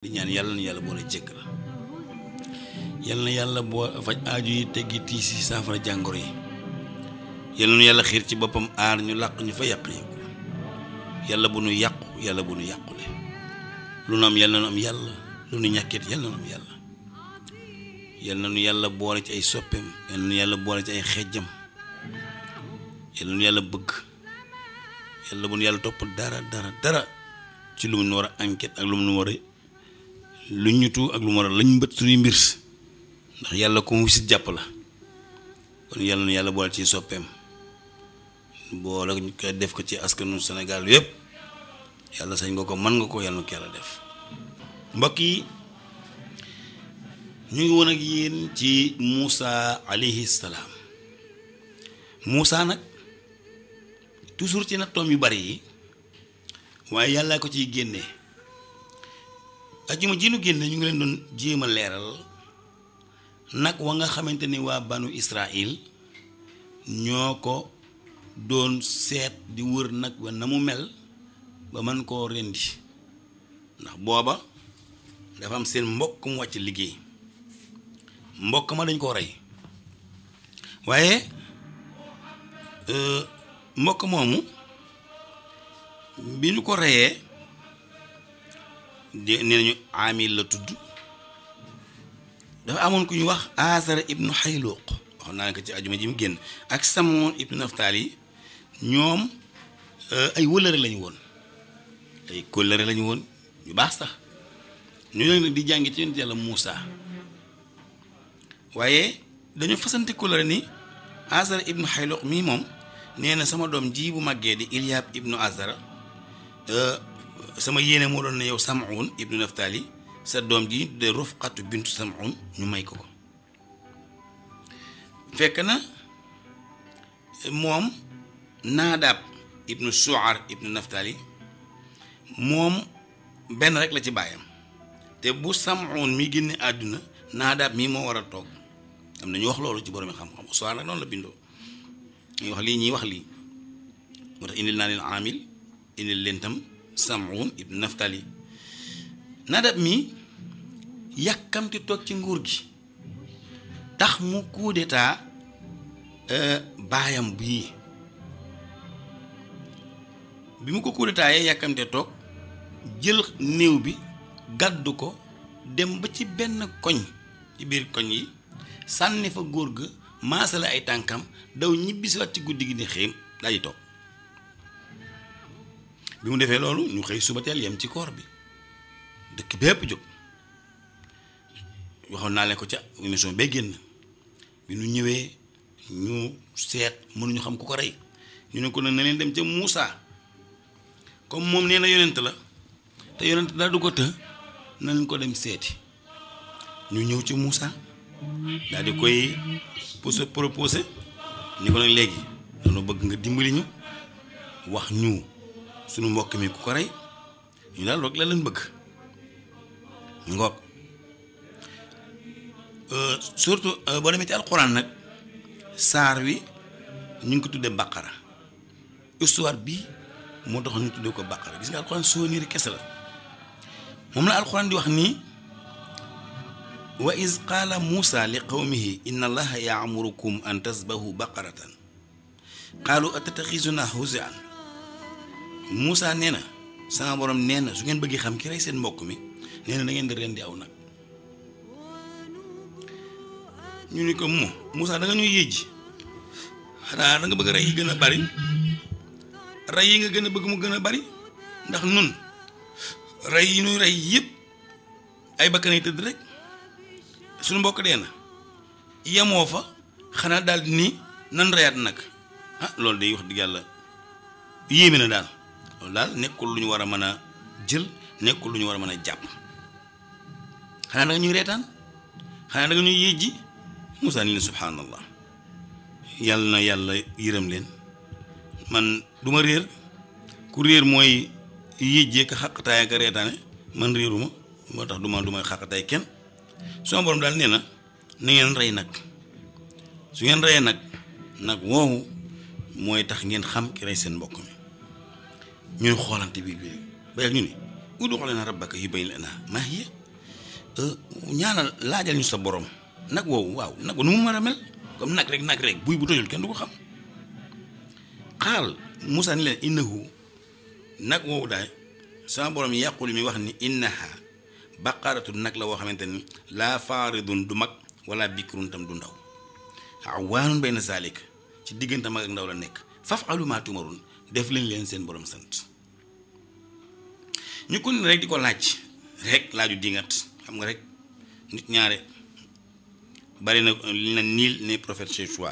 di yàlla na yàlla boole jëkk la yàlla na yàlla boo faj jàngoro yi yàlla nu yàlla xiir ci boppam aar ñu ñu fa yàq yi yàlla bu nu yàqu yàlla bu nu yàqule lu yàlla na nu am yàlla lu nu ñàkkit yàlla yàlla boole ci ay soppeem yàlla nu yàlla boole ci ay xejjam yàlla nu yàlla bëgg yàlla bu nu yàlla topp dara dara dara ci lu mu nu war a ak lu mu nu war lu ñu tu ak lu mu lañu lañ mbët suñuy mbir ndax yàlla ko mu si jàpp la kon yàlla na yàlla boole ci soppeem boole ko def ko ci askanu senegal yëpp yàlla sañ nga ko mën nga ko yàlla na ko def mbokk yi ñu ngi woon ak yéen ci Moussa alayhi salaam nag toujours ci nattoom yu bari yi waaye yàlla ko ciy génnee ajuma ji nu génne ñu ngi leen doon jéem a leeral nag wa nga xamante ni waa banu Israil ñoo ko doon seet di wër nag wa na mu mel ba mën koo rendi ndax booba dafa am seen mbokk mu wàcc liggéey mbokk ma dañ koo rey waaye euh, mbokk moomu bi nu ko reyee nee nañu amil la tudd dafa amoon ku ñu wax asara ibnu xayluuq wax naa ko ci ajuma ji mu génn ak samoon ibnu naftaal yi ñoom euh, ay wëlëre lañu woon ay kóllëre lañu woon ñu baax sax ñu leen di jàngi ci yonent yàlla Muusa waaye dañu fasante kóllëre ni asara ibnu xayluuq mii moom nee na sama doom ji bu màggee di Ilyab ibnu asara euh, sama yéene moo doon ne yow Sam'un ibnu Naftali sa doom ji de Rufqatu bintu Sam'un ñu may ko ko fekk na moom Naadaab ibnu Suar ibnu Naftali moom benn rek la ci baayam te bu Sam'un mi génne àdduna Naadaab mii moo war a toog am na ñu wax loolu ci borom xam-xam Suar nag noonu la bindoo ñuy wax lii ñuy wax lii moo tax indil naa leen aamil indil leen tam. Samoun ibn Naftali Nadab mi yàkkamte toog ci nguur gi tax mu kuudetaa d'état euh, baayam bii bi mu ko coup d'état yee yàkkamte toog jël néew bi gàddu ko dem ba ci benn koñ ci biir koñ yi sànni fa góor ga maasale ay tànkam daw ñibbisiwaat ci guddi gi ni xéem daal di toog bi mu defee loolu ñu xëy suba teel yem ci koor bi dëkk bépp jóg waxoon naa leen ko ca émission bay génn bi ñu ñëwee ñu seet mënuñu xam ku ko rey ñu ne ko ne na leen dem ca Moussa comme moom nee na yonent la te yonent dara du ko të na leen ko dem seeti ñu ñëw ci Moussa daal koy posé proposé ni ko nag léegi dañoo bëgg nga dimbali ñu wax ñu suñu mbokk mi ku ko rey ñu daal rek la leen bëgg ngoog euh, surtout euh, boo demee ci alxuraan nag saar wi ñu ngi ko tuddee bàqara histoire bi moo tax ñu tuddee ko bàqara gis nga alxuraan souvenir kese la moom la alxuraan di wax nii wa iz qaala muusa li qawmihi inna allaha yaamurukum an tasbahu baqaratan qaalu atattaxizuna huzian Moussa nee na sama borom nee na su ngeen bëggee xam ki rey seen mbokk mi nee na da ngeen di aw nag ñu ni ko mu muusa danga nga ñuy yéej xanaa da nga bëgg rey yi gën a bari rey yi nga gën a bëgg mu gën a bari ndax nun rey yi nuy rey yëpp ay bakkan tëdd rek suñu mbokk dee na yemoo fa xanaa daal di nii nan reyaat nag ah loolu day wax dëgg yàlla yéeme na daal loolu daal nekkul lu ñu war a mën a jël nekkul lu ñu war a mën a jàpp xanaa da nga ñuy reetaan xanaa da nga ñuy yéjji Moussa ni leen subhaanallah yàlla na yàlla yërëm leen man du ma réer ku réer mooy yéjjee ka xaqataay ak reetaane man réeruma moo tax du ma du may xaqataay kenn sama borom daal nee na na ngeen rey nag su ngeen reyee nag nag woowu mooy tax ngeen xam ki rey seen mbokk mi ñuy xoolante biir bi ba yàgg ñu ni ud'ulanaa rabbaka bay lanaa maa hiya euh, ñaanal laajal ñu sa borom nag woowu waaw nag nu mu mën a mel comme nag rek nag rek buy bu tojul kenn du ko xam xaal Moussa ni leen innahu nag woowu daay sama borom yàqul mi wax ni innaha baqaratu nag la woo xamante ni laa faaridun du mag wala bikrun tam du ndaw awaanun benn zalik ci diggante mag ak ndaw la nekk faf alu maa tumarun def lañ leen seen borom sant ñu ko ni rek di ko laaj rek laaju dingat xam nga rek nit ñaare bari na li na niil ne prophète chez toi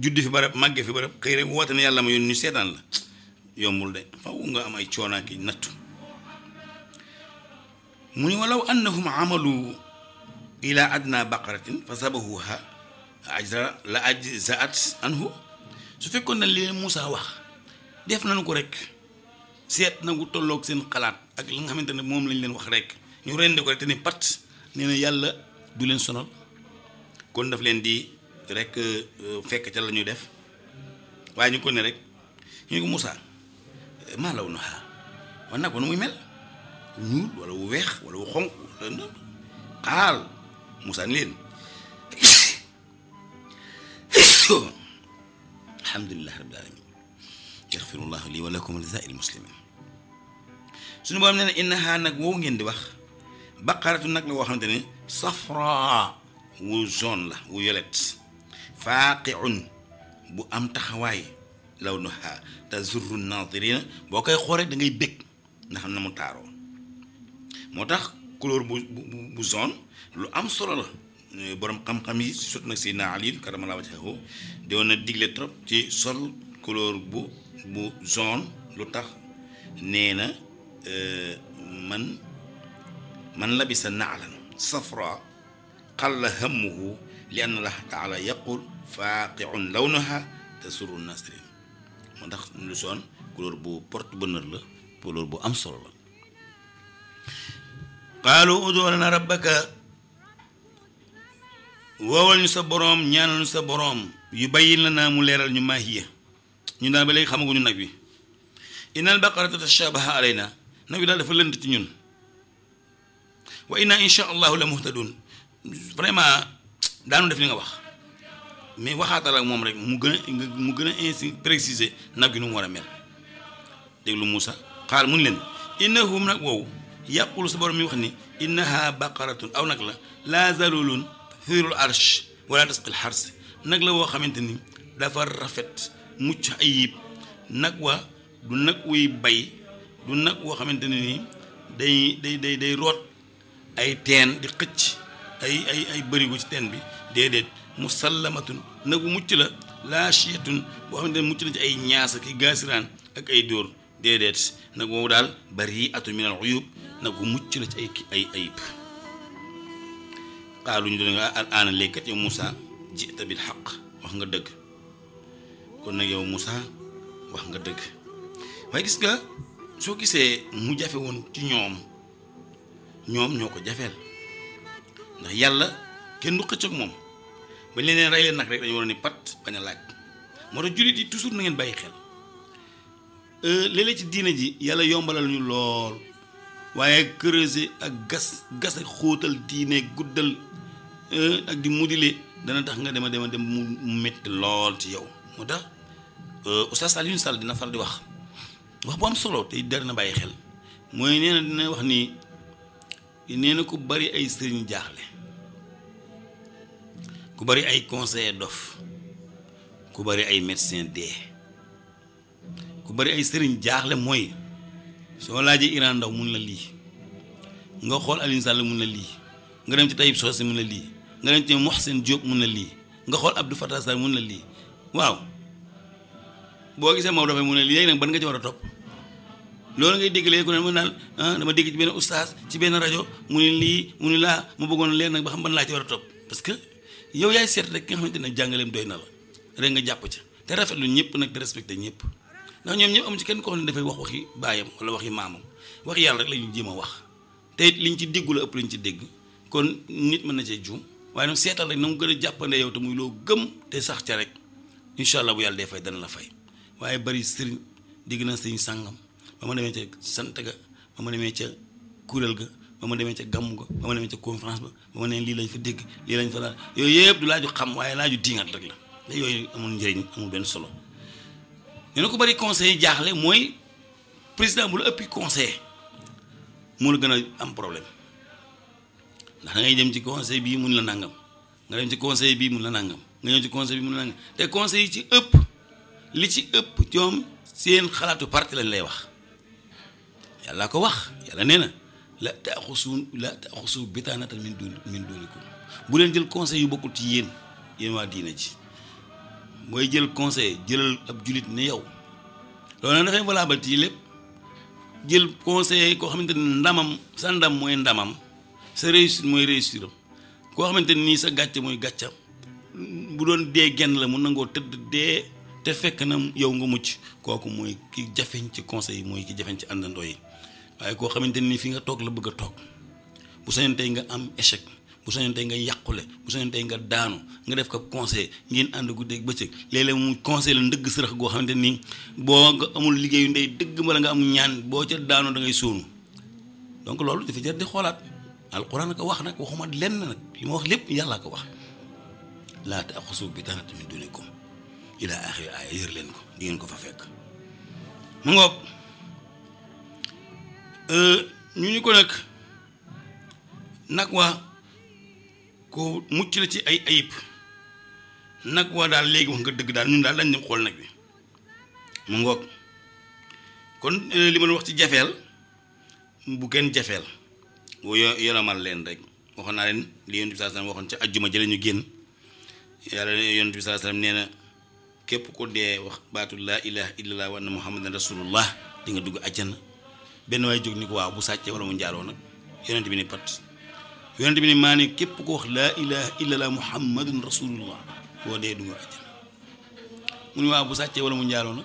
juddi fi barab màgge fi barab xëy rek woote na yàlla ma yoon ñu seetaan la yombul de faw nga am ay coonaaki nattu mu ni walaw annahum amalu ila adna baqaratin fa sabahuha ajra la ajzaat anhu su fekkoon na li leen Moussa wax def nañu ko rek seet na gu tollook seen xalaat ak li nga xamante ne moom lañ leen wax rek ñu rendi ko rek te ni pat nee na yàlla du leen sonal kon daf leen di rek fekk ca la ñuy def waaye ñu ko ne rek ñu ko Moussa maa law na wan nag ko nu muy mel ñuul wala wu weex wala wu xonq wala xaal Moussa ni leen alhamdulilah rabbil alamin yaxfirullahu lii wa lakum wa li saa'iril muslimin suñu boroom nee na innahaa nag woowu ngeen di wax baqaratu nag la woo xamante ne safra wu jaune la wu yolet faaqiun bu am taxawaay law nu ha tazurru naadirina boo koy xoolee da ngay bég ndax na mu taaroo moo tax couleur bu bu jaune lu am solo la boroom xam-xam yi surtout nag Seydina Ali karamallahu wajhahu doon na digle trop ci sol couleur bu bu zone lu tax nee na euh, man man labisa naalan safra qalla hammuhu li anna allah taala yaqul faaqiun lawnaha tasuru nasirin moo tax lu zone couleur bu porte bonheur la couleur bu am solo la qaalu udoo lana rabbaka woowal ñu sa boroom ñaanal ñu sa boroom yu bàyyi la naa mu leeral ñu maahiya ñun daal ba léegi xamaguñu nag wi innal baqarata tashabaha alayna nag wi daal dafa lënd ti ñun wa inna insha allahu la muhtadun vraiment daan def li nga wax mais waxaatal ak moom rek mu gën a mu gën a ainsi préciser nag wi nu mu war a mel mu ni leen innahum nag wow yàqulu sa borom mi wax ni innaha baqaratun aw nag la la zalulun firul arsh wala tasqil xars nag la woo xamante ni dafa rafet mucc ayib nag wa du nag wuy bay du nag woo xamante ne nii day day day day root ay teen di xëcc ay ay ay bërigo ci teen bi déedéet musallamatun nagu mucc la laashiyatun boo xamante ne mucc la ci ay ñaas ak i gaasiraan ak ay dóor déedéet nag woowu daal bariatun min al uyub nagu mucc la ci ay ay ayib xaaluñu doon nga al aana léegi kat xaq wax nga dëgg kon nag yow Moussa wax nga dëgg waaye gis nga soo gisee mu jafe woon ci ñoom ñoom ñoo ko jafeel ndax yàlla kenn du xëcc ak moom bañ leen reyee nag rek dañu waroon ni pat bañ a laaj moo tax jullit yi toujours na ngeen bàyyi xel euh, léeg-léeg ci diine ji yàlla yombalal ñu lool waaye creuser ak gas gas ak xóotal diine guddal euh, ak di mudile dana tax nga dema dema dem mu metti lool ci yow moo tax euh, Oustaz Alioune Sall dina faral di wax wax bu am solo te der na bàyyi xel mooy nee na dina wax ni nee na ku bari ay sëriñ jaaxle ku bari ay conseiller dof ku bari ay médecin dee ku bari ay sëriñ jaaxle mooy soo laajee Iran Ndaw mun na lii nga xool Alioune Sall mun na lii nga dem ci Tayib Socé mun na lii nga dem ci seen Diop mun na lii nga xool Abdou Fattah Sall mun na lii waaw boo gisee Maodo dafay mu ne léegi nag ban nga ci war a topp loolu ngay dégg léegi ku ne mu daal ah, dama dégg ci benn ustaas ci benn rajo mu lii mu ne laa mu bëggoon leer nag ba xam ban laa ci war a topp parce que yow yaay seet rek ki nga jàngaleem doy na la nga jàpp ca te rafetlu ñëpp nag te respecté ñëpp ndax ñoom ñëpp amu ci kenn koo xam ne dafay wax waxi baayam wala waxi maamam waxi yàlla rek la ñu jéem a wax te it liñ ci déggu la ëpp liñ ci dégg kon nit mën na cee juum waaye nag seetal rek na mu gën a jàppande yow te muy loo gëm te sax ca rek incha allah bu yàlla dee fay dana la fay waaye bari sëriñ dégg na sëriñ sàngam ba ma demee ca sant ga ba ma demee ca kuréel ga ba ma demee ca gàmm ga ba ma demee ca conférence ba ba ma ne lii lañ fa dégg lii lañ fa daal yooyu yëpp du laaju xam waaye laaju diingat rek la te yooyu amul njëriñ amul benn solo ne na ko bari conseil jaaxle mooy président bu la ëppi conseil moo la gën a am problème ndax da ngay dem ci conseil bii mun la nangam nga dem nga ñëw ci conseil bi mun na nga te conseil yi ci ëpp li ci ëpp ñoom seen xalaatu parti lañ lay wax yàlla ko wax yàlla nee na la taaxusu la taaxusu bitaanatan min dun min ko bu leen jël conseil yu bokkul ci yéen yéen waa diina ji mooy jël conseil jëlal ab julit ne yow loolu nag dafay jël conseil koo xamante ni ndamam sa mooy ndamam sa réussite mooy réussir am koo xamante nii sa gàcce mooy gàccam bu doon dee genn la mu nangoo tëdd dee te fekk na yow nga mucc kooku mooy kii jafeñ ci conseil yi mooy ki jafeñ ci àndandoo yi waaye koo xamante ni fi nga toog la bëgg a toog bu sañoon nga am échec bu sañoon nga yàqule bu sañoon nga daanu nga def ko conseil ngeen ànd guddeeg bëccëg léeg-léeg mu conseil la ndëgg sërëx goo xamante ni boo nga amul liggéeyu ndey dëgg ma la nga am ñaan boo ca daanu dangay ngay sóonu donc loolu dafa jar di xoolaat alquran ko wax nag waxuma lenn nag li ma wax lépp ko wax laata ta'xuzu bi tanaatin min dunikum ilaa aaxiri aaya yër leen ko di ngeen ko fa fekk mu ngoog euh, ñu ni ko nag nag waa ko mucc la ci ay ayib nag waa daal léegi wax nga dëgg daal ñun daal dañ dem xool nag bi mu ngoog kon euh, li ma wax ci jafeel bu kenn jafeel boo yoromal leen rek waxoon naa leen li Yonent bi sallallahu alayhi wasallam waxoon ca ajjuma jële ñu génn yàlla ne yonent bi sallallahu alayhi wasallam nee na képp ku dee wax baatu laa ilaha illallah wa anna muhammadan rasulullah di nga dugg àjjana benn waay jóg ni ko waaw bu sàccee wala mu njaaloo nag yonent bi ne pat yonent bi ne maa ne képp ku wax laa ilaha illallah muhammadun rasulullah boo dee dugg àjjana mu ne waaw bu sàccee wala mu njaaloo nag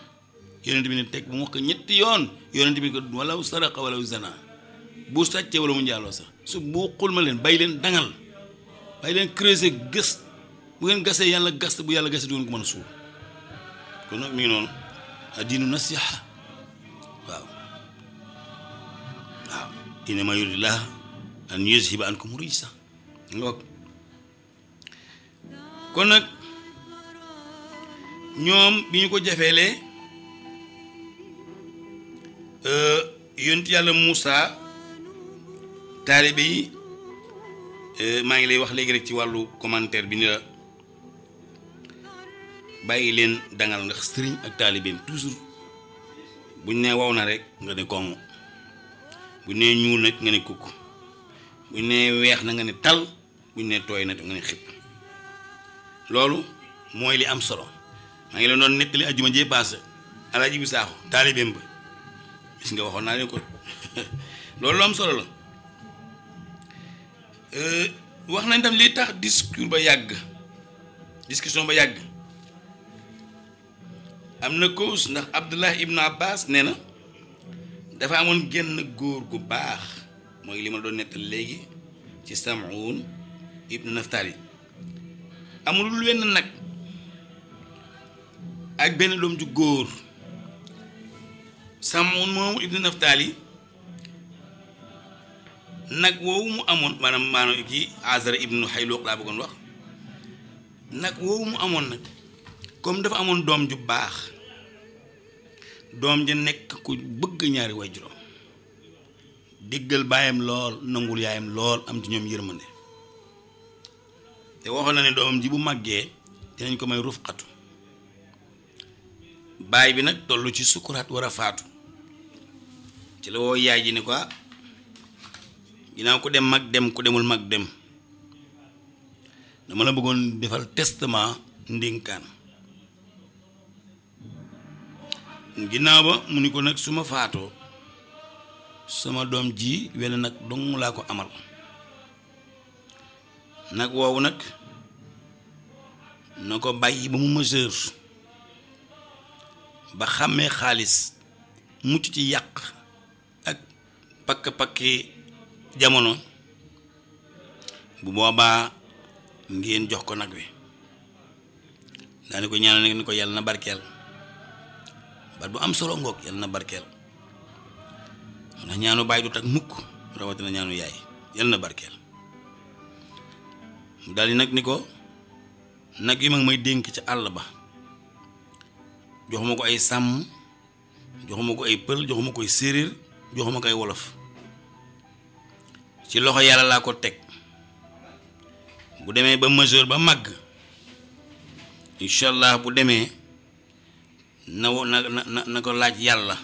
yonent bi ne teg bu mu wax ko ñetti yoon yonent bi ko walaw saraqa walaw zana bu sàccee wala mu njaaloo sax su buuxul ma leen bàyyi leen dangal bàyyi leen creuser gës bu ngeen gasee yàlla gas bu yàlla gasee du ngeen ko mën a suul kon nag mi ngi noonu addiinu nasiha waaw waaw innama yuridillah an yuzhiba ankum rijsa ngoog kon nag ñoom bi ñu ko jafeele euh, yonent yàlla Moussa taalibe yi euh, maa ngi lay wax léegi ci wàllu commentaire bi ni la bàyyi leen dangal ndax sëriñ ak taalibeem toujours buñ ne wow na rek nga ne koŋ buñ ne ñuul na nga ne kukk buñ ne weex na nga ne tal buñ ne tooy na nga ne xib loolu mooy li am solo maa ngi leen doon nettali ajjuma jee paase alaaji bi saaxu taalibeem ba nga waxoon naa leen ko am solo la euh, wax nañ tam li tax discours ba yàgg discussion ba yàgg am na cause ndax Abdullah Ibn Abbas nee na dafa amoon genn góor gu baax mooy li ma doon nettal léegi ci Sam'un Ibn Naftali amul wenn nag ak benn doom ju góor Sam'un moomu Ibn Naftali nag woowu mu amoon maanaam maanaam kii Azara Ibn Hayluq laa bëggoon wax nag woowu mu amoon nag comme dafa amoon doom ju baax doom ja nekk ku bëgg ñaari way juróom diggal baayam lool nangul yaayam lool am ci ñoom yërmande te waxoon na ne doomam ji bu màggee dinañ ko may rufqatu baay bi nag tollu ci sukuraat war a faatu ci la woo yaay ji ne ko ah, ginnaaw ku dem mag dem ku demul mag dem dama la bëggoon defal testament ndinkaan ginnaaw ba mu ni ko nag suma faatoo suma doom ji wenn nag dong laa ko amal nag woowu nag na ko bàyyi ba mu majeur ba xàmmee xaalis mu ci ci yàq ak pakk-pakki jamono bu boobaa ngeen jox ko nag wi daani ko ñaan ñaanal ngeen ko yàlla na barkeel bat bu am solo ngoog yal na barkeel mun na ñaanu baay du tak mukk rawatina ñaanu yaay yal na barkeel mu daal nag ni ko nag yi mag may dénk ca àll ba joxuma ko ay sàmm joxuma ko ay pël joxuma koy séeréer joxuma ko ay wolof ci loxo yàlla laa ko teg bu demee ba majeur ba màgg incha allah bu demee na na na na ko laaj yàlla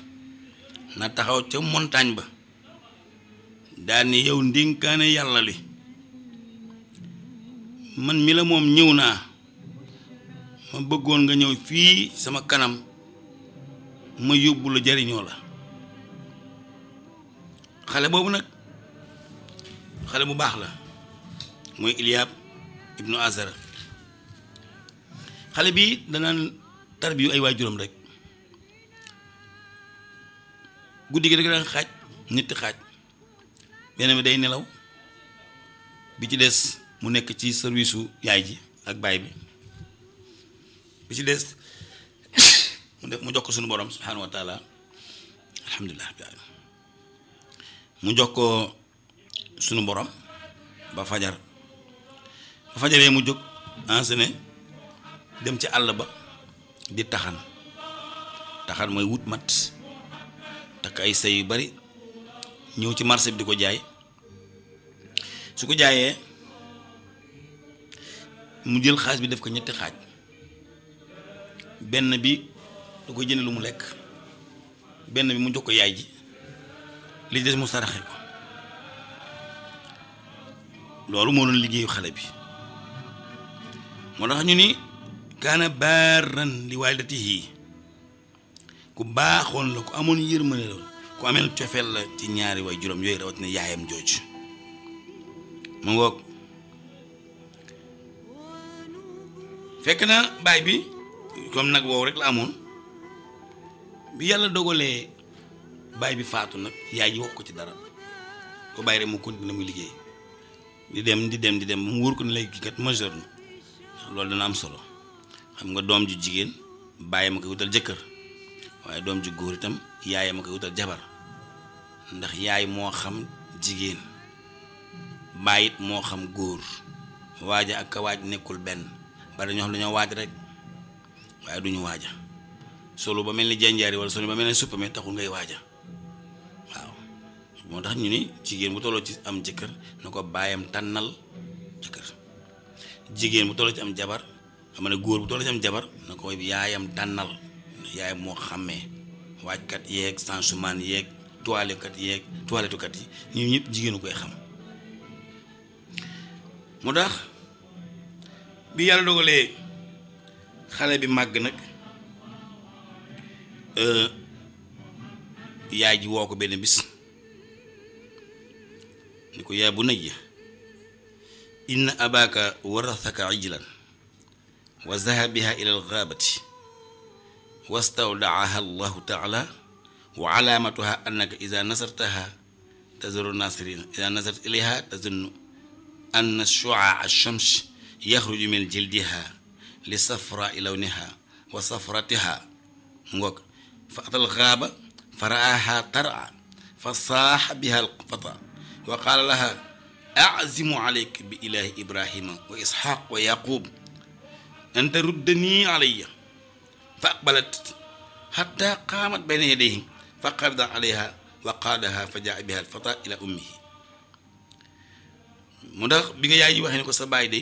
na taxaw ca montagne ba daal ni yow ndénkaane yàlla li man mi la moom ñëw naa ma bëggoon nga ñëw fii sama kanam ma yóbbu la jariñoo la xale boobu nag xale bu baax la mooy Iliyaab ibnu Azara xale bi danaan tarbiyu ay juróom rek guddi gi rek xaaj ñetti xaaj beneen bi day nelaw bi ci des mu nekk ci service yaay ji ak baay bi bi ci des mu def mu jox ko sunu borom subhaanahu wa taala alhamdulilah rabbil alamin mu jox ko sunu borom ba fajar ba fajaree mu jóg enseigné dem ci àll ba di taxan taxan mooy wut mat takk ay say yu bari ñëw ci marché bi di ko jaay su ko jaayee mu jël xaaj bi def ko ñetti xaaj benn bi da ko jënd lu mu lekk benn bi mu jox ko yaay ji li des mu saraxe ko loolu moo doon liggéeyu xale bi moo tax ñu ni kaana baaran li waalidatihi ku baaxoon la ku amoon la ku ameel cofeel la ci ñaari way juróom yooyu rawatina yaayam jooj mu fekk na baay bi comme nag woow rek la amoon bi yàlla dogalee baay bi faatu nag yaay ji wax ko ci dara ko bàyyi rek mu continuer muy liggéey di dem di dem di dem mu wóor ko ne léegi kat majeur loolu dana am solo xam nga doom ju jigéen bàyyi ma koy wutal jëkkër waaye doom ju góor itam yaay ma koy wutal jabar ndax yaay moo xam jigéen bàyyit moo xam góor waaja ak ka waaj nekkul benn bari ñoo xam dañoo waaj rek waaye duñu waaja solo ba mel ni janjaari wala solo ba mel ni suppame taxul ngay waaja waaw moo tax ñu ni jigéen bu tolloo ci am jëkkër na ko bàyyam tànnal jëkkër jigéen bu tolloo ci am jabar dama góor bu doole sam jabar na ko yaayam tànnal yaayam moo xàmmee waajkat yeeg sansumaan yeeg toilekat yeeg toiletukat yi ñu ñëpp jigéenu koy xam mu tax bi yàlla dogalee xale bi màgg nag euh, yaay ji woo ko benn bis ni ko yaay bu najj inna abaka warasaka ijlan wa zahabiha ila alxaabati wastawdaaha allahu taala wa alaamatuha annaka ida nasartaha tazuru nasirin ida nasart ilayha tazunnu anna shuaa alshams yaxruju min jildiha li safrai lawniha wa safratiha ngoog fa atal xaaba fa raaha tara fa saaxa biha alfata wa qaala laha azimu alayka bi ilahi ibrahima wa isxaq wa yaqub an taruddanii alayya fa aqbalat xatta qaamat bayna yadayhi fa qabida alayha wa qaadaha fa jaa biha alfata ila ummihi mu tax bi nga yaay ji waxee ko sa baay de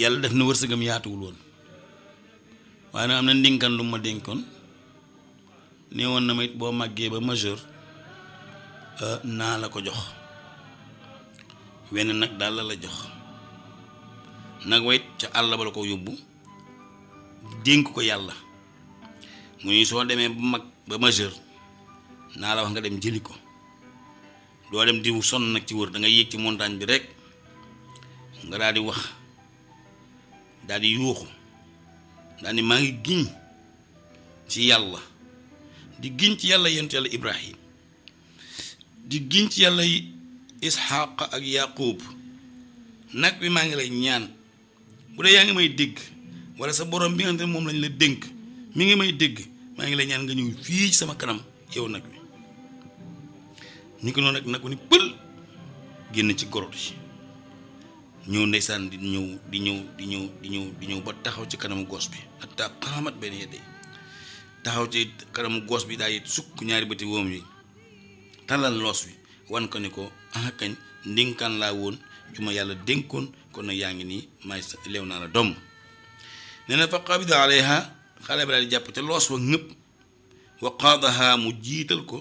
yàlla def na wërsëgam yaatuwul woon waaye nag am na ndinkan lu ma dénkoon nee woon na ma it boo màggee ba majeur euh, naa la ko jox wenn nag daal la la jox nag wayit ca àll ba la ko yóbbu dénk ko yàlla mu ni soo demee ba mag ba majeur naa la wax nga dem jëli ko doo dem di sonn nag ci wër da nga yéeg ci montagne bi rekk nga daal di wax daal di yuuxu daal maa ngi giñ ci yàlla di giñ ci yàlla yonent yàlla ibrahim di giñ ci yàlla yi ak yaqub nag bi maa ngi lay ñaan bu dee yaa ngi may dégg wala sa borom bi nga xam ne moom lañu la dénk mi ngi may dégg maa ngi lay ñaan nga ñëw fii ci sama kanam yow nag wi ñu ko noonu nag nag ni pël génn ci gorot yi ñëw ndeysaan di ñëw di ñëw di ñëw di ñëw di ñëw ba taxaw ci kanamu goos bi ak taa xamat benn yedde taxaw ci kanamu gos bi daal di sukk ñaari bëti woom yi tàllal loos wi wan ko ni ko ah ndénkaan laa woon ju ma yàlla dénkoon kon nag yaa ngi nii may leew naa la doom nee na fa qabida alayha xale bi daal di jàpp te loos wa ñëpp wa qaadaha mu jiital ko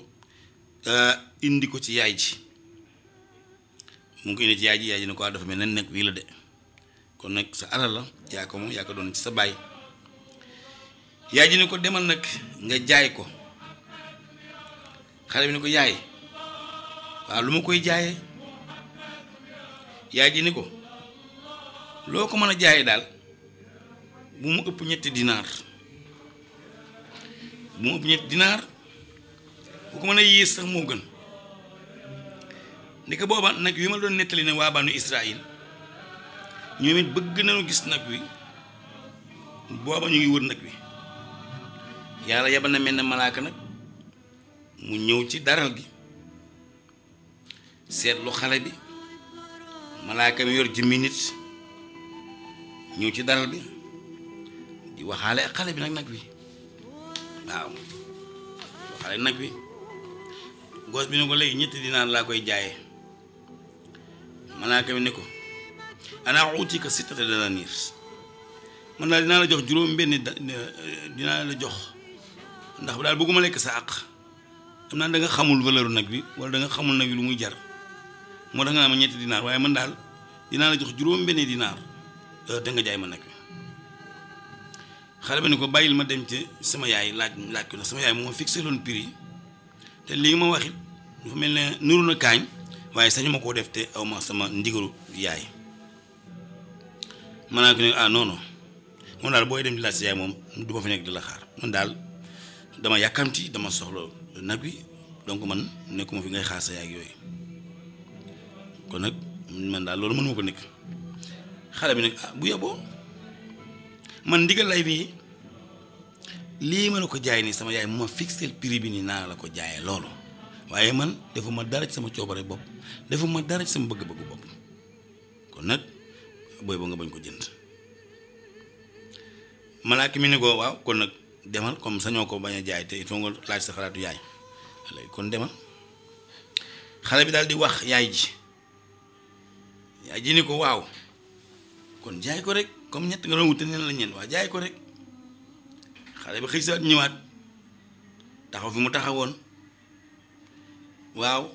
eh, indi ko ci yaay ji mu ngi ko indi ci yaay ji yaay ji ne ah, dafa mel na nekk wii la de kon nag sa alal la yaa ko moom yaa ko doon ci sa baay yaay ji ne ko demal nag nga jaay ko xale bi ne ko yaay waaw lu ma koy jaayee yaay ji ni ko loo ko mën a jaayee daal bu mu ëpp ñetti dinaar bu mu ëpp ñetti dinaar bu ko mën a yées sax moo gën ndeke booba nag yu ma doon nettali ne waa banu Israël ñoom it bëgg nañu gis nag wi booba ñu ngi wër nag wi yàlla yabal na mel ne malaaka nag mu ñëw ci daral gi seetlu xale bi malaaka mi yor jëmmi nit ñëw ci dara bi di waxaale xale bi nag nag wi waaw waxaale nag bi goos bi ne ko léegi ñetti dinaar laa koy jaaye malaaka bi ne ko anaa uuti ko man daal dinaa la jox juróom benn dinaa la jox ndax daal bëgguma lekk sa àq am naa danga xamul valeur nag bi wala da xamul nag bi lu muy jar moo tax nga naa ma ñetti dinaar waaye mën daal dinaa la jox juróom benn dinaar Euh, da nga jaay ma nag xale bi ni ko bàyyil ma dem ci sama yaay laaj làkk na sama yaay moo fixé loon prix te lii ma waxit dafa mel ne nuru na kaañ waaye sañu ma koo def te aw ma sama ndigalu yaay ma naa ko ne ah daal booy dem di moom du ma fi nekk di la xaar man daal dama yàkkamti dama soxla nag donc man nekkuma fi ngay xaar sa yaay yooyu kon nag man daal loolu mënuma ko nekk xale bi nag ah bu yeboo man ndigal lay bi lii ma la ko jaay nii sama yaay ma fixé prix bi nii naa la ko jaaye loolu waaye man defuma dara ci sama coobare bopp defuma dara ci sama bëgg-bëggu bopp kon nag booy ba nga bañ ko jënd malaaka mi ni ko waaw kon nag demal comme sañoo ko bañ a jaay te il faut nga laaj sa xalaatu yaay léegi kon demal xale bi daal di wax yaay ji yaay ji ni ko waaw kon jaay ko rek comme ñett nga doon wute neen la ñeen waa jaay ko rek xale bi xëy sa ñëwaat taxaw fi mu taxawoon waaw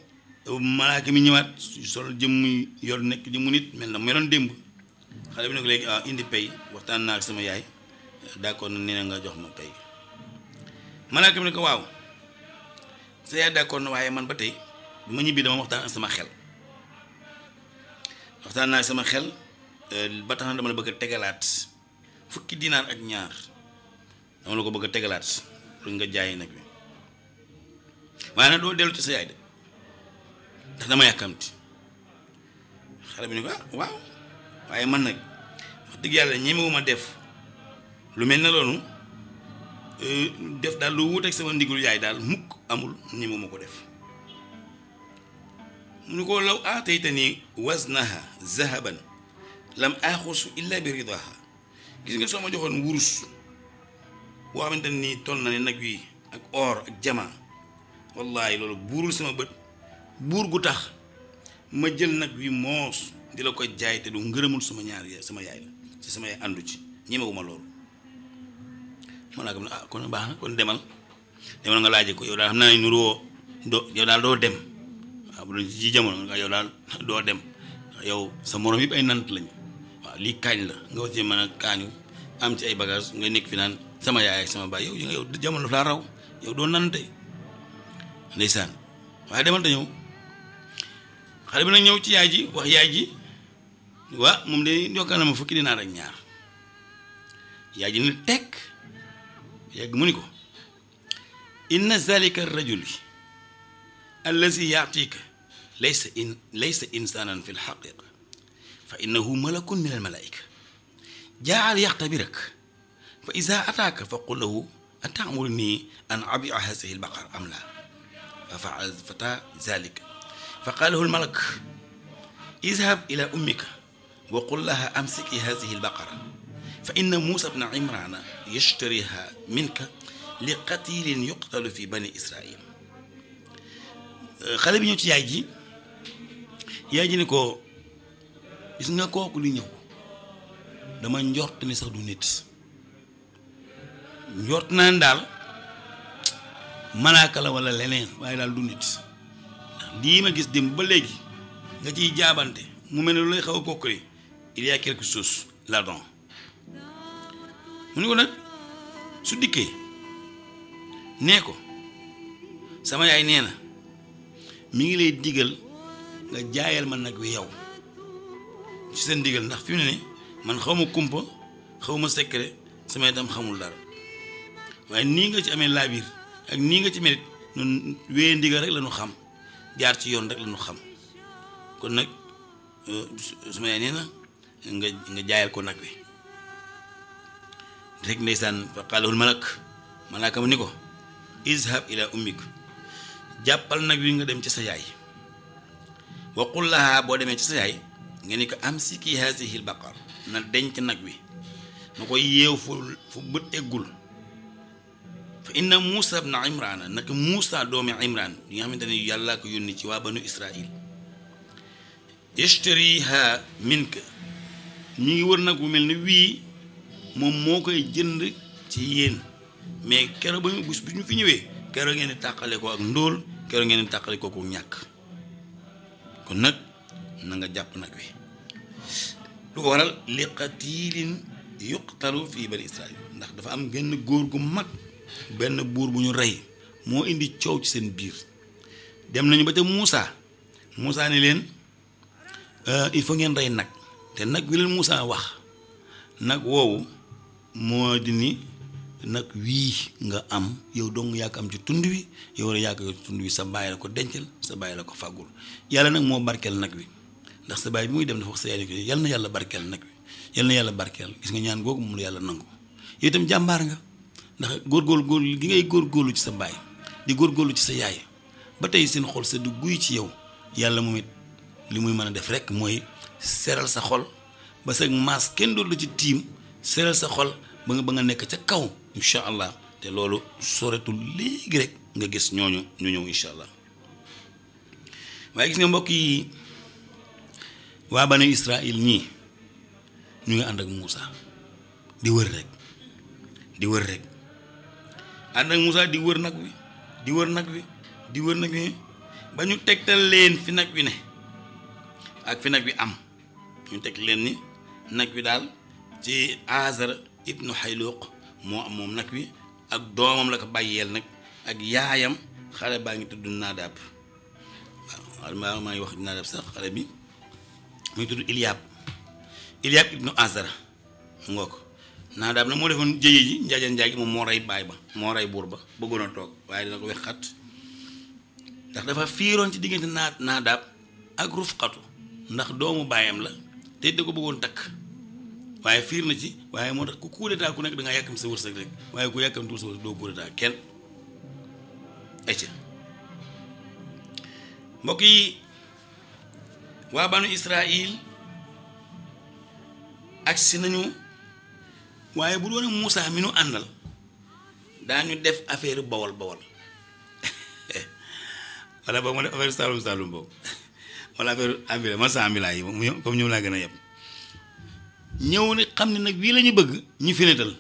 malaaka mi ñëwaat sol jëm muy yor nekk di mu nit mel na meloon démb xale bi ne ko léegi ah, indi pay waxtaan naa ak sama yaay d'accord na nee na nga jox ma pay malaaka mi ne ko waaw sa yaay d'accord na waaye man ba tey bi ma ñibbi dama waxtaan ak sama xel waxtaan naa sama xel Euh, ba tax na dama la bëgg a tegalaat fukki dinaar ak ñaar dama la ko bëgg a tegalaat lu nga jaay nag bi waaye nag doo dellu ci sa yaay de ndax dama yàkkamti xale bi ne ko ah waaw waaye man nag wax dëgg yàlla ñemewuma def lu mel na loonu euh, def daal lu wuuteeg sama daal mukk amul ñemewuma ko def mu ne ko law aataytani waznaha zahaban lam axusu illa bi ridaha gis nga soo ma joxoon wurus boo xamante nii toll na ne nag wi ak or ak jama wallahi loolu buurul sama bët buur gu tax ma jël nag wi moos di la ko jaay te du ngërëmul sama ñaar sama yaay la ci sama yaay àndu ci ñemewuma loolu man naa ko ah kon baax na kon demal demal nga laaje ko yow daal xam naa ne nuroo doo yow daal doo dem waaw bu doon ci jamono yow daal doo dem yow sa morom yëpp ay nant lañu lii kaañ la nga war cee mën a kaañu am ci ay bagage nga nekk fi naan sama yaay ak sama baay yow yow jamono daf laa raw yow doon nan tey ndeysaan waaye demal te ñëw xale bi nag ñëw ci yaay ji wax yaay ji waa moom de yokkal na ma fukki dinaar ak ni tekk mu ni ko inna zalika rajuli allazi yatika laysa in laysa insanan fi lxaqiqa fa innahu malakun min al malaika jaa al yaxtabirak fa ida ataaka fa qul lahu atamuruni an abia hasihi albaqar am la fa faala alfata zalik fa qaala lahu almalak idhab ila ummika wa qul laha amsiki hasihi albaqara fa inna muusa bna imrana yashtariha minka li qatilin yuqtalu fi bani israil xale bi ñëw ci yaay ji yaay ji ni ko gis nga kooku li ñëw dama njort ni sax du nit njort naa daal malaaka la walla leneen waaye daal du nit ndax lii ma gis démb ba léegi nga ciy jaabante mu mel ne lu lay xaw a kokkali il y a quelque chose là-dedans mu ni ko nag su dikkee nee ko sama yaay nee na mi ngi lay digal nga jaayal ma nag wi yow ci seen ndigal ndax fi mu ne man xaw ma kumpa xaw ma secret samay dam xamul dara waaye nii nga ci amee laabir ak nii nga ci mel noonu wéyee ndigal rek la xam jaar ci yoon rek la xam kon nag euh, su ma yaay nee na nga jaayal ko nag wi rek ndeysaan fa qaalahul malak malaaka ni ko izhab ila ummik jàppal nag wi nga dem ci sa yaay wa qul boo demee ci sa yaay nga ni ko am si kii haasihi baqar na denc nag wi na ko yeew fu fu bët eggul fa inna Moussa ibna Imrana naka Moussa doomi Imran yi nga xamante ne yàllaa ko yónni ci waa banu Israil ishtariha mink ñu ngi wër nag bu mel ni wii moom moo koy jënd ci yéen mais keroog ba ñu bés bu ñu fi ñëwee keroog ngeen di tàqale ko ak ndóol keroog ngeen di tàqale ko ku ñàkk kon nag. na nga jàpp nag wi lu ko waral li qatilin yuqtalu fii bani israil ndax dafa am benn góor gu mag benn buur bu ñu rey moo indi coow ci seen biir dem nañu ba ca Moussa Moussa ne leen euh, il fa ngeen rey nag te nag wi leen Moussa wax nag woowu moo di ni nag wii nga am yow dong yaa ko am ci tund wi yow la yaa ko ci tund wi sa bàyyi la ko dencal sa bàyyi la ko fàggul yàlla nag moo barkeel nag wi ndax sa baay bi muy dem dafa wax sa yaay yal na yàlla barkeel nag yal na yàlla barkeel gis nga ñaan googu mu la yàlla nangu yow itam jàmbaar nga ndax góor góor góor gi ngay góorlu ci sa baay di góor góorlu ci sa yaay ba tey seen xol sa du guy ci yow yàlla moom it li muy mën a def rek mooy seral sa xol ba sa maas kenn doot la ci tiim seral sa xol ba nga ba nga nekk ca kaw incha allah te loolu soretul léegi rek nga gis ñooñu ñu ñëw incha allah waa ba bani Israël ñii ñu ngi ànd ak muusa di wër rek di wër rek ànd ak Moussa di wër nag wi di wër nag wi di wër nag wi ba ñu tegtal leen fi nag wi ne ak fi nag wi am ñu teg leen ni nag wi daal ci Azar ibnu Xayluq moo am moom nag wi ak doomam la ko bàyyeel nag ak yaayam xale baa ngi tudd Naadab waaw maa ngi wax Naadab sax xale bi. muy tudd Iliyaab Iliyaab ibnu Azara ngoo ko naa daam na moo defoon jëye ji njaajaan njaay gi moom moo rey baay ba moo rey buur ba bëggoon a toog waaye dina ko wexxat ndax dafa fiiroon ci diggante naa naa ak ak rufqatu ndax doomu baayam la te da ko bëggoon takk waaye fiir na ci waaye moo tax ku coup d'état ku nekk da ngaa yàkkam sa wërsëg rek waaye ku yàkkamtul sa wërsëg doo coup kenn. ayca mbokk yi. waa banu Israil agsi nañu waaye bu doon Moussa mi nu àndal daañu def affaire bawol bawol wala boobu ma def affaire saalum saalum boobu wala affaire ambila man sa ambila yi mu ñëw laa xam ne nag wii la bëgg ñu finetal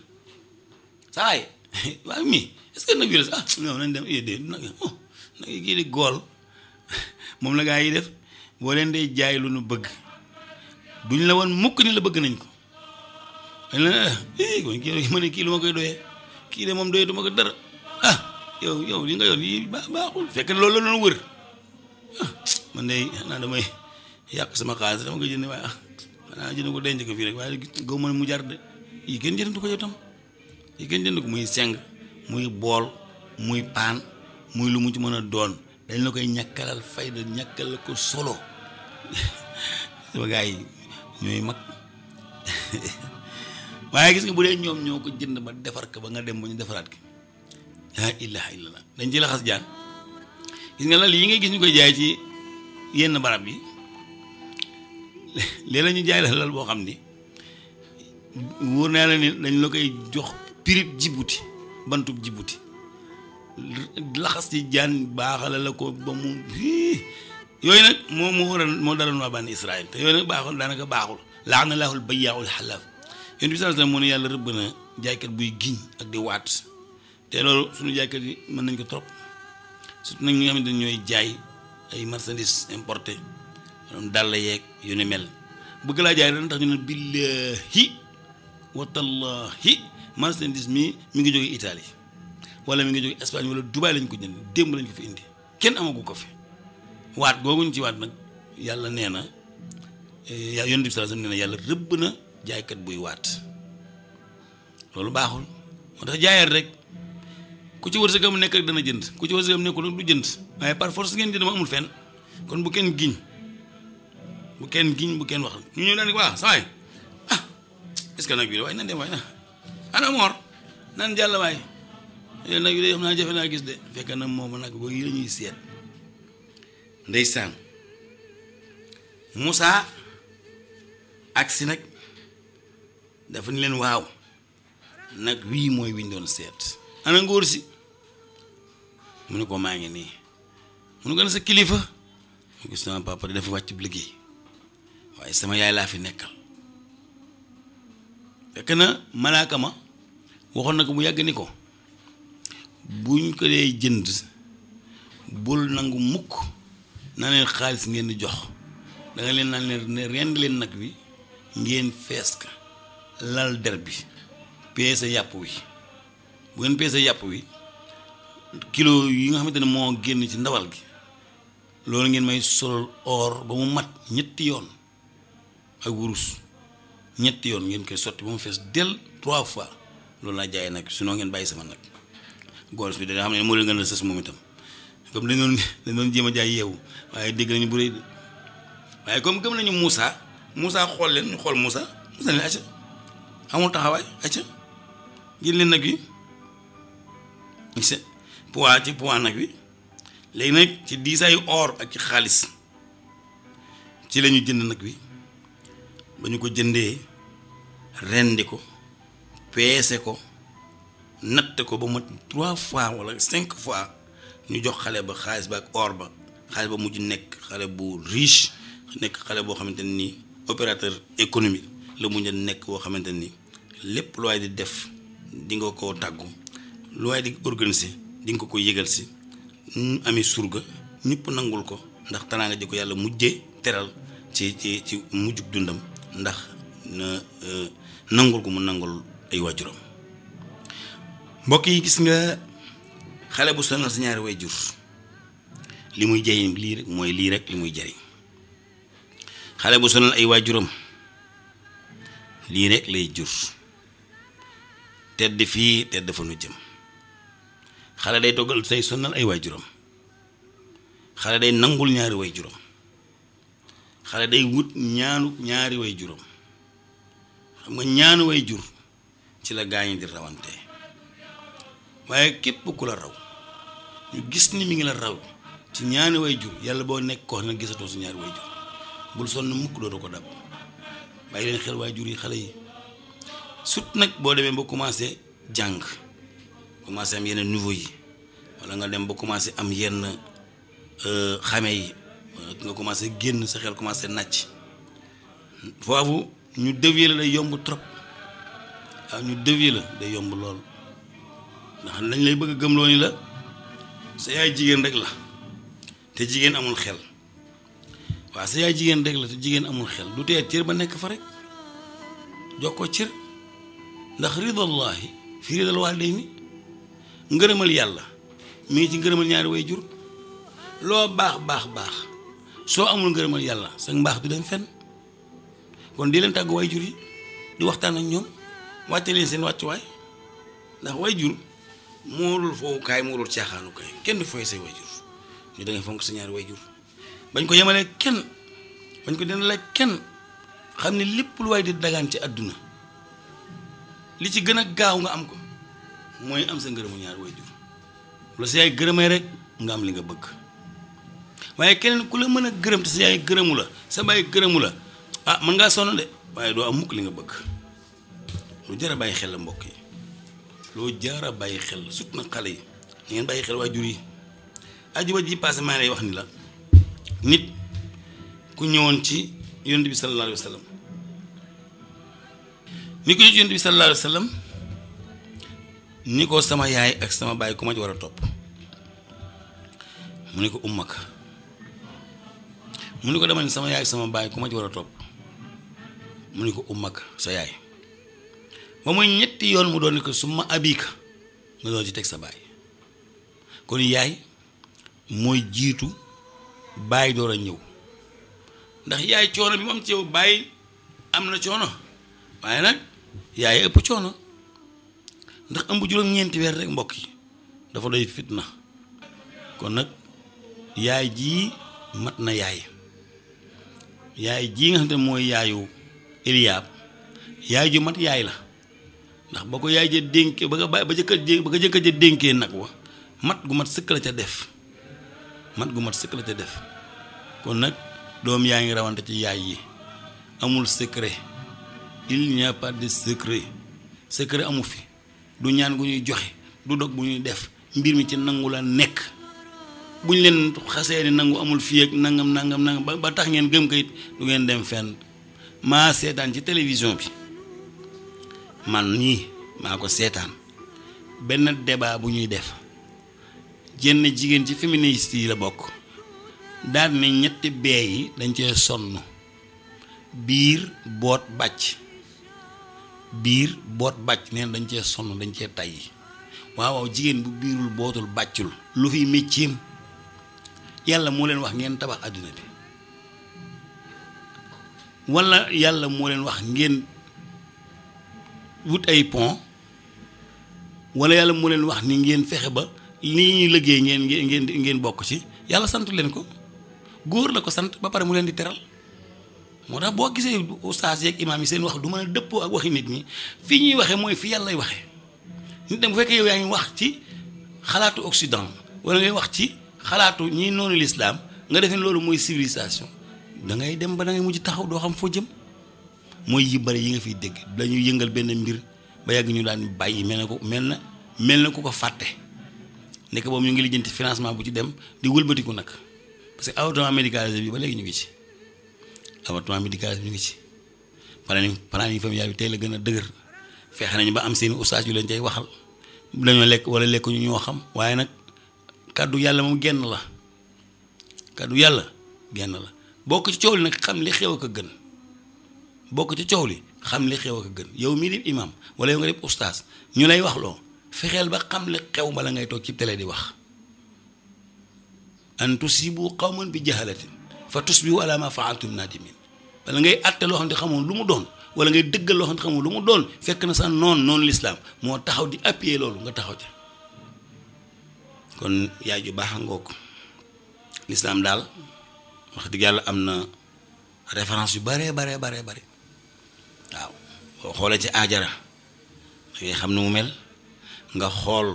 saay waaye mi est-ce que nag wii la ah eh, nag oh, nag kii di gool moom la gaa yi def boo leen dee jaay lu bëgg duñ la woon mukk ni la bëgg nañ ko dañ la ah, eh, kii ma ne kii lu ma koy doyee kii de moom doyee du ma ko dara ah yow yow li nga yoon yi baaxul fekk loolu la doon wër ah, man de xanaa damay yàq sama xaalis dama koy jënd waaye ah, xanaa jënd ko denc ko fii rek waaye gaw mu jar de yi gën jënd ko yow tam yi gën jënd ko muy seng muy bool muy paan muy lu mu ci mën a doon dañ la koy ñàkkalal fayda ñàkkal la ko solo sama gars yi ñooy mag waaye gis nga bu dee ñoom ñoo ko jënd ba defar ko ba nga dem ba ñu defaraat ko laa ilaha illallah dañ ci laxas jaan gis nga lal yi ngay gis ñu koy jaay ci yenn barab yi léeg la ñu jaay la lal boo xam ni wóor naa la ni dañ la koy jox prix Djibouti bantub Djibouti laxas ci jaan baaxale la ko ba mu yooyu nag moo moo waral moo daloon waa bànni Israël te yooyu nag baaxul daanaka baaxul laa na laaxul bayyaaul xalaaf yéen bi sallallahu alayhi wasallam moo ne yàlla rëbb na jaaykat buy giñ ak di waat te loolu suñu jaaykat yi mën nañ ko trop surtout nag ñi ñooy jaay ay marchandises importé maanaam dàll yeeg yu mel bëgg laa jaay dana tax ñu ne billahi watallahi marchandise mi mi ngi jóge Italie wala mi ngi jóge Espagne wala Dubaï lañ ko jënd démb lañ ko fi indi kenn amagu ko fi waat googuñ ci waat nag yàlla nee na eh, yonent bi sallallahu alayhi wasallam nee yàlla rëbb na jaaykat buy waat loolu baaxul moo tax jaayaat rek ku ci wërsëgam nekk rek dana jënd ku ci wërsëgam nekkul nag du jënd waaye par force ngeen jënd ma amul fen kon bu kenn giñ bu kenn giñ bu kenn wax ñu ñëw daal waaw saa ah est ce que nag bi waaye nan dem waaye ah, ana moor nan jàll waay nag bi de xam naa jafe naa gis de fekk na moom nag booy yi la ñuy seet. ndeysaan musaa agsi nag dafa ni leen waaw nag wii mooy wiñ doon seet ana si mu ne ko maa ngi nii mu ne ko ne sa kilifa gis naa papa dafa wàcc liggéey waaye sama yaay laa fi nekkal fekk na malaaka waxoon na ko bu yàgg ni ko buñ ko dee jënd bul nangu mukk na xaalis ngeen di jox da nga leen naan ne rend leen nag wi ngeen fees ka lal der bi peese yàpp wi bu ngeen peese yàpp wi kilo yi nga xamante ne moo génn ci ndawal gi loolu ngeen may solol or ba mu mat ñetti yoon ak wurus ñetti yoon ngeen koy sotti ba mu fees del trois fois loolu laa jaayee nag noo ngeen bàyyi sama nag góor bi dana xam ne moo leen gën sës moom itam comme dañ doon dañoo doon jéem a jaay yeewu waaye dégg nañu bu rëy waaye comme gëm nañu Moussa Moussa xool leen ñu xool Moussa Moussa leen acca amul taxawaay acca jël nag wi gis poids ci poids nag wi léegi nag ci diisaayu or ak ci xaalis ci lañu jënd nag wi ba ñu ko jëndee rendi ko peese ko natte ko ba mu trois fois walla cinq fois ñu jox xale ba xaalis ba ak or ba xaalis ba mujj nekk xale bu riche nekk xale boo xamante ne nii opérateur économique la mujj a nekk boo xamante nii lépp lu waay di def di ko tàggu lu waaye di organiser dinga ko ko yëgal si ñu amee surga ñëpp nangul ko ndax teraanga ji ko yàlla mujjee teral ci ci ci mujjug dundam ndax na euh, nangul ko mu nangul ay waajuram mbokk yi gis nga. xale bu sonal sa ñaari way jur li muy jëriñ lii rek mooy lii rek li muy jëriñ xale bu sonal ay waajuram lii rek lay jur tedd fii tedd fa nu jëm xale day toggal say sonal ay waajuram xale day nangul ñaari way juróom xale day wut ñaanu ñaari way juróom xam nga ñaanu way jur ci la gaañi di rawante waaye képp ku la raw ñu gis ni mi ngi la raw ci ñaani way jur yàlla boo nekk koo xam ne gisatoo si ñaari way jur bul sonn mukk dootu ko dab bàyyi leen xel waay jur yi xale yi sut nag boo demee ba commencé jàng commencé am yenn niveau yi wala nga dem ba commencé am yenn euh, xame yi nga commencé génn sa xel commencé nàcc foofu ñu dévier la day yomb trop waaw ñu dévier la day yomb lool ndax lañ lay bëgg a gëmloo ni la sa yaay jigéen rek la te jigéen amul xel waaw sa yaay jigéen rek la te jigéen amul xel du tee cër ba nekk fa rek jox ko cër ndax ridallahi fi ridal ni ngërëmal yàlla mi ngi ci ngërëmal ñaari way jur loo baax baax baax soo amul ngërëmal yàlla sa mbaax du dem fenn kon di leen tàggu way jur yi di waxtaan ak ñoom wàcce leen seen wàccuwaay ndax way jur moolul foowukaay moolul caaxaanukaay kenn du fooy say wayjur ñu da ngay fonk sa ñaari wayjur bañ ko yemalee kenn bañ ko dina la kenn xam ne lépp lu waay di dagaan ci àdduna li ci gën a gaaw nga am ko mooy am sa ngërëmu ñaari wayjur la sa yaay gërëmee rek nga am li nga bëgg waaye keneen ku la mën a gërëm te sa yaay gërëmu la sa baay gërëmu la ah mën ngaa sonn de waaye doo am mukk li nga bëgg lu jar a bàyyi xel la mbokk yi loo jaar a bàyyi xel surtout nag xale yi na ngeen bàyyi xel waajur yi ajuma ji passé maa lay wax ni la nit ku ñëwoon ci yonent bi sallallahu alayhi ni ko bi sallallahu alayhi ni ko sama yaay ak sama baay ku ma ci war a topp mu ni ko ummaka mu ni ko dama ni sama yaay ak sama baay ku ma ci war a topp mu ni ko ummaka sa yaay ba muy ñetti yoon mu doon ko suma abika nga doon ci teg sa baay kon yaay mooy jiitu baay doo a ñëw ndax yaay coono bi mu am ci yow baay am na coono waaye nag yaay ëpp coono ndax ëmb juróom-ñeenti weer rek mbokk yi dafa doy fitna kon nag yaay jii mat na yaay yaay jii nga xam ne mooy yaayu Eliyaab yaay ju mat yaay la ndax ba ko yaay ja dénkee ba nga bàyyi ba jëkkër ja ba nga jëkkër ja dénkee nag wa mat gu mat sëkk la ca def mat gu mat sëkk la ca def kon nag doom yaa ngi rawante ci yaay yi amul secret il n'y a pas amu fi du ñaan gu ñuy joxe du dog bu ñuy def mbir mi ci nangu la nekk bu ñu leen xasee ni nangu amul fii nangam nangam nangam ba tax ngeen gëm ko du ngeen dem fenn maa seetaan ci télévision bi. man nii maa ko seetaan benn débat bu ñuy def jenn jigéen ci féministe yi la bokk daal ne ñetti bee yi dañ cee sonn biir boot bàcc biir boot bàcc neen dañ cee sonn dañ cee tay waaw jigéen bu biirul bootul bàccul lu fi mécceem yàlla moo leen wax ngeen tabax àdduna bi walla yàlla moo leen wax ngeen wut ay pont wala yàlla mu leen wax ni ngeen fexe ba lii ñuy liggéey ngeen ngeen ngeen bokk ci yàlla sant leen ko góor la ko sant ba pare mu leen di teral moo tax boo gisee ustaas yeeg imaam yi seen wax du mën a dëppoo ak waxi nit ñi fii ñuy waxee mooy fii yàlla lay waxee nit dem bu fekkee yow yaa ngi wax ci xalaatu Occident wala ngay wax ci xalaatu ñi noonu lislaam nga defee loolu mooy civilisation da dem ba da mujj taxaw doo xam foo jëm. mooy yi bari yi nga fiy dégg dañuy yëngal benn mbir ba yàgg ñu daan bàyyi mel na ko mel na mel na ku ko fàtte nekk boobu ñu ngi lijjanti financement bu ci dem di wëlbatiku nag parce que avortement médicalisé bi ba léegi ñu ngi ci avortement médicalisé bi ñu ngi ci planning planning familial bi tey la gën a dëgër feex nañu ba am seen ustaas yu leen cay waxal dañoo lekk wala lekk ñu ñoo xam waaye nag kàddu yàlla moom genn la kàddu yàlla genn la bokk ci coow li xam li ko gën bokk ci coow li xam li xew ak gën yow mii di imam wala yow nga def ustaas ñu lay wax loo fexeel ba xam li xew bala ngay toog ci tele di wax an tusibu qawman bi jahalatin fa tusbihu ala ma faaltum nadimin wala ngay àtte loo ne xamoon lu mu doon wala ngay dëggal loo xam ne xamoon lu mu doon fekk na sa noon noonu lislaam moo taxaw di appuyer loolu nga taxaw ca kon yaay ju baax a ngoog lislaam daal wax dëgg yàlla am na référence yu bare bare bare bare waaw boo xoolee ci aajara dangay xam ne mu mel nga xool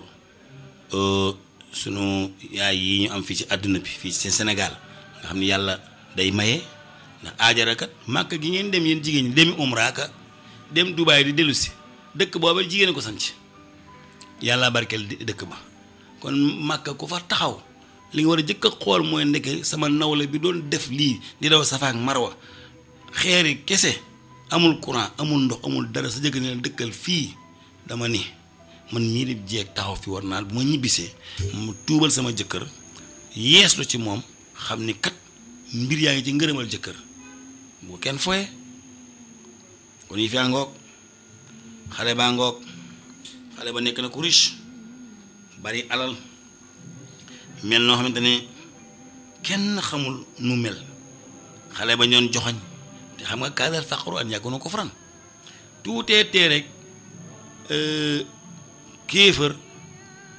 euh, sunu yaay yi ñu am fii ci àdduna bi fii ci senegal nga xam ni yàlla day maye ndax aajara kat màkk gi ngeen dem yéen jigéen ñi demi umra ka dem Dubaay di dellusi dëkk booba jigéene ko sanc yàlla barkeel dëkk ba kon màkk ku fa taxaw li nga war a jëkk a xool mooy ndeke sama nawle bi doon def lii di daw safaak marwa xeeri kese amul courant amul ndox amul dara sa jëkkër ne la dëkkal fii dama ni man mii di jeeg taxaw fi war naa bu ma ñibbisee mu tuubal sama jëkkër yeeslu ci moom xam ni kat mbir yaa ngi ci ngërëmal jëkkër bu kenn foye kon yi fi àngoog xale baa ngoog xale ba nekk na kuris bari alal mel noo xamante ne kenn xamul nu mel xale ba ñoon joxoñ xam nga kaasal sax Qur'an ko faran tuutee tee rek euh, kéefër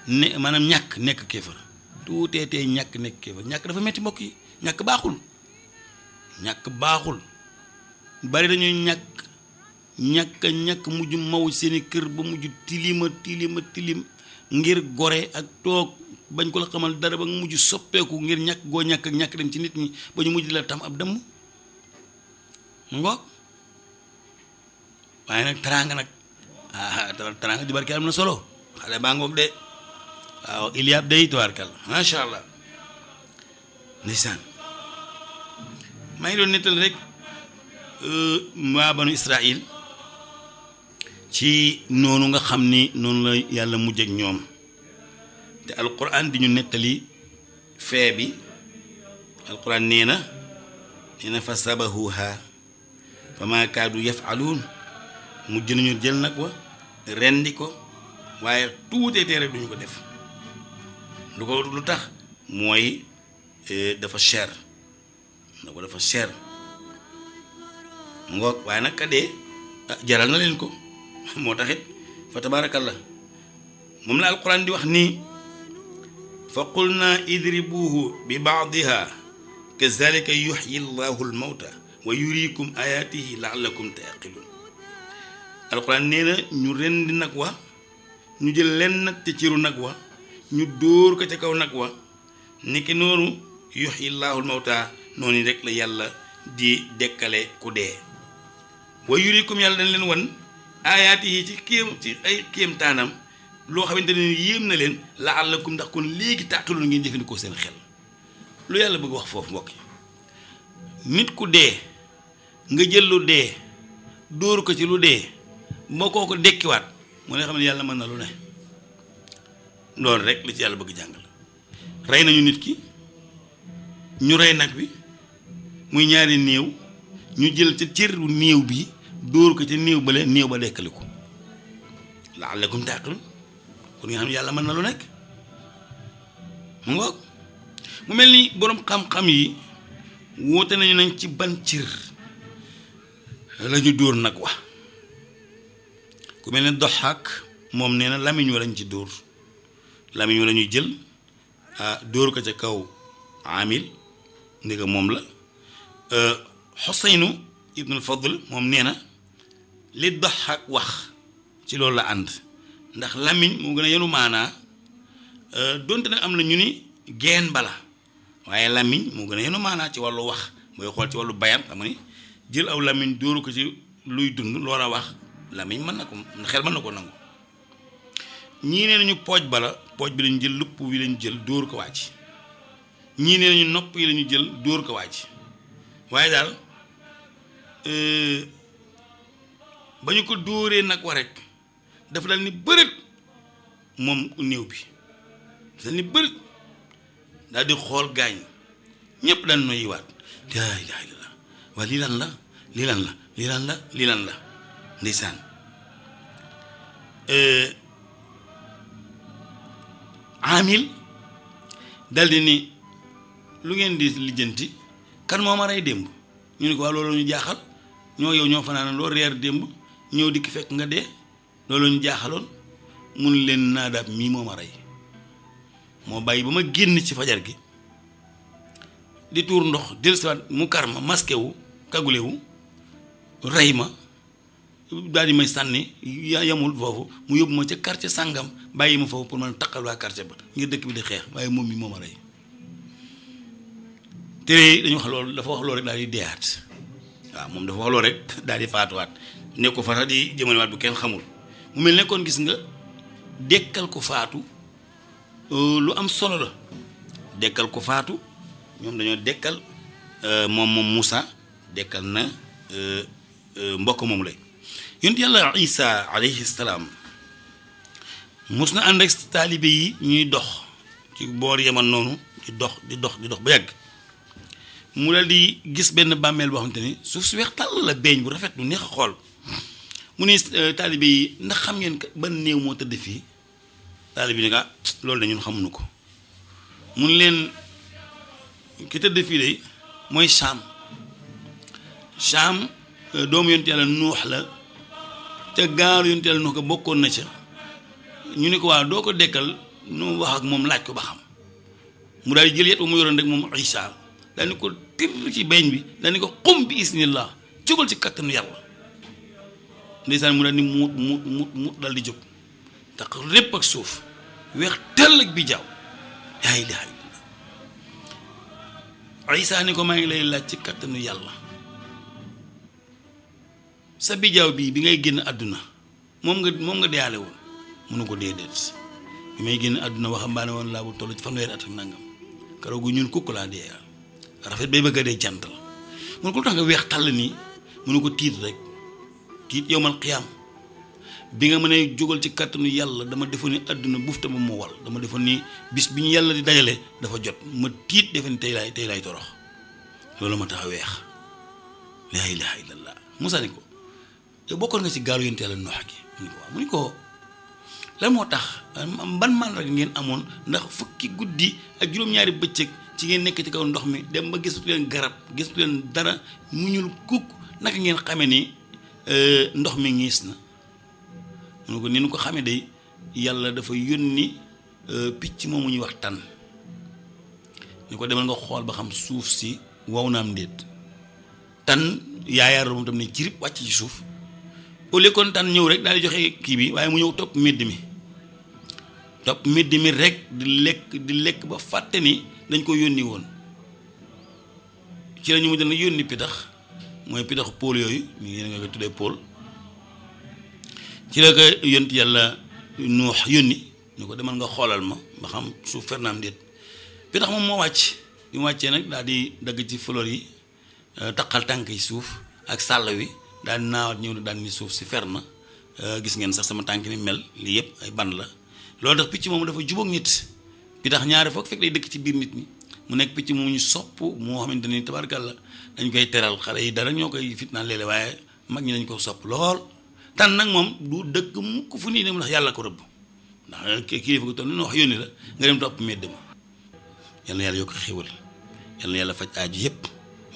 ne maanaam ñàkk nekk kéefër tuutee tee ñàkk nekk kéefër ñàkk dafa metti mbokk yi ñàkk baaxul ñàkk baaxul bari dañuy ñàkk ñàkk ñàkk mujj maw seeni kër ba mujj tilima tilima tilim ngir gore ak toog bañ ko la xamal dara ba nga mujj soppeeku ngir ñàkk goo ñàkk ak ñàkk dem ci nit ñi ba ñu mujj la tam ab demm mu ngoog waaye nag teraanga nag ah teraanga ju am na solo xale baa ngoog de waaw Iliab day tubaarkal macha allah ndeysaan maa ngi doon nettal rek euh, waa banu Israil ci noonu nga xam ni noonu la yàlla mujj ak ñoom te alquran di ñu nettali fee bi alquran nee na nee na fa sabahuha fa maa kaadu yafaluun mujj nañu jël nag wa rendi ko waaye tuutee teere duñu ko def lu ko lu tax mooy eh, dafa cher na ko dafa cher ngoog waaye nag dee ah, jaral na leen ko moo taxit fa la moom la alquran di wax nii fa qulna idribuhu bi baadiha kazalika yuxyi llahu almawta wa yuriikum ayaatihi laallakum taaqiluun alxuraan nee na ñu rendi nag wa ñu jël lenn nag te ciru nag wa ñu dóor ko ca kaw nag wa nekki noonu yuxyi llaahu lmawta noonu rek la yàlla di dëkkale ku dee wa yuriikum yàlla dañ leen wan ayaatihi ci kéem ci ay kéem taanam loo xamante ne yéem na leen la laallakum ndax kon léegi taaqiluun ngeen jëfandikoo seen xel lu yàlla bëgg wax foofu mbokk nit ku dee nga jël lu dee dóor ko ci lu dee moo koo ko dekkiwaat mu ne xam ne yàlla mën na lu ne loolu rek li ci yàlla bëgg jàngal rey nañu nit ki ñu rey nag wi muy ñaari néew ñu jël ca cër néew bi dóor ko ci néew ba leen néew ba dekkali ko la'allakum ta'qiluun kon nga xam yàlla mën na lu nekk mu ngoog mu mel ni boroom xam-xam yi woote nañu nañ ci ban cër lañu dóor nag wa ku mel ni doxaak moom nee na lamiñ wa lañ ci dóor lamiñ wa la ñuy jël dóor ko ca kaw amil ndiga moom la euh, xuseynu ibnul fadl moom nee na li doxaak wax ci loolu la ànd ndax lamiñ moo gën a yenu maanaa euh, donte nag am na ñu ni geen bala waaye lamiñ moo gën a yenu maanaa ci wàllu wax booy xool ci wàllu bayam xam nga ni jël aw lamiñ dóoru ko ci luy dund loola wax lamiñ mën na ko xel mën na ko nangu ñii nee nañu pooj bala pooj bi lañu jël lupp yi lañu jël dóor ko wàcc ñii nee nañu nopp yi lañu jël dóor ko wàcc waaye daal euh, ba ñu ko dóoree nag wa rek dafa dal ni bërët moom néew bi dafa ni bërët daal di xool gaañ ñépp daan noyyiwaat daay waa lii la lii la lii lan la la ndeysaan euh, amil daldi ni lu ngeen di lijjanti kan moo ma rey démb ñu ni ko waa loolu ñu jaaxal ñoo yow ñoo fanaan loo reer démb ñëw dikk fekk nga dee loolu ñu jaaxaloon mun leen naadaab mii moo ma rey moo bàyyi ba ma génn ci fajar gi di tuur ndox dellusiwaat mu kar ma masqué kagulewu rey ma daal di may sànni yamul foofu mu yóbbu ma ca quartier sàngam bàyyi ma foofu pour man taqal waa quartier ba ngir dëkk bi di xeex waaye moom mi moom a rey tere dañu wax loolu dafa wax loolu rek daal di deeyaat waaw moom dafa wax loolu daal di faatuwaat ne ko fa sax di jëmalewaat bu kenn xamul mu mel nekkoon gis nga dekkal ko faatu euh, lu am solo la dekkal ko faatu ñoom dañoo dekkal euh, moom moom Moussa dekkal na euh, euh, mbokk moom la yonent yàlla isa alayhi salaam mus na ànd ak taalibe yi ñuy dox ci boor yaman noonu di dox di dox di dox ba yàgg mu la di gis benn bàmmeel boo xamante ni suuf si weex tàll la beeñ bu rafet lu neex a xool mu ni euh, taalibe yi ndax xam ngeen ban néew moo tëdd fii taalibe yi ne ah loolu de ñun xamuñu ko mu mun leen ki tëdd fii de mooy saam Cham doom yonent yàlla nuux la te gaaru yonent yàlla nuux ko bokkoon na ca ñu ni ko waa doo ko dekkal nu wax ak moom laaj ko ba xam mu daal jël yet ba mu yoroon rek moom Isa dañu ci beñ bi dañu ko xum bi isnillah ci kattanu yàlla ndeysaan mu daal ni muut muut muut muut dal di jóg tax répp ak suuf weex tell ak bi jaaw laa ilaaha illallaah Isa ni ko maa ngi lay laaj ci kattanu yàlla sa bijaaw bii bi ngay génn àdduna moom nga moom nga deyaale woon mënu ko déedéet bi may génn àdduna waxambaane woon laa bu toll ci fanweeri at ak nangam karaw gu ñun kukk laa deeyaal rafet bay bëgg a dee jantal mun ko lu tax nga weex tàll nii mënu ko tiit rek tiit yow man xiyaam bi nga mën a jógal ci kàttanu yàlla dama defoon ni àdduna buuf te mu wal dama defoon ni bis bi ñu yàlla di dajale dafa jot ma tiit defe ni tey laay tey torox loolu ma tax a weex laa ilaaha illallah musa ni ko te bokkoon nga si gaalu yéen teel noox gi mu ni ko waaw mu ni ko lan moo tax ban màndarga ngeen amoon ndax fukki guddi ak juróom-ñaari bëccëg ci ngeen nekk ci kaw ndox mi dem ba gisatu leen garab gisatu leen dara mu ñul kukk naka ngeen xame ni euh, ndox mi ngiis na mu ne ko ni nu ko xame day yàlla dafa yónni euh, picc moomu ñuy wax tan ni ko demal nga xool ba xam suuf si wow am ndéet tan yaayaaru moom tam ne cirib wàcc ci suuf au lieu kontaan ñëw rek daal di joxe kii bi waaye mu ñëw topp medd mi topp medd mi rek di lekk di lekk ba fàtte ni dañ koy yónni woon ci la ñu mu dana yónni mooy pitax pôle yooyu ñu yéen nga koy tuddee pôle ci la yàlla nuux yónni ñu ko demal nga xoolal ma ba suuf fernaam déet pitax moom moo wàcc bi wàccee nag daal di dagg ci fleur yi euh, taqal tànk yi suuf ak sàll wi daal di naawaat ñëw daal ni suuf si fer na euh, gis ngeen sax sama tànk ni mel lii yëpp ay ban la loolu tax picc moom dafa jubóog nit bi tax ñaari foog fekk day dëkk ci biir nit ñi mu nekk picc mu ñu sopp moo xamante ni tabarkalla dañ koy teral xale yi dara ñoo koy fitnaan léeg-léeg waaye mag ñi dañ ko sopp lool tànn nag moom du dëkk mukk fu nii dem ndax yàlla ko rëbb ndax kilifa ko toll ni wax yónni la nga dem topp medd ma yal yàlla yokk xéwal yal na yàlla faj yëpp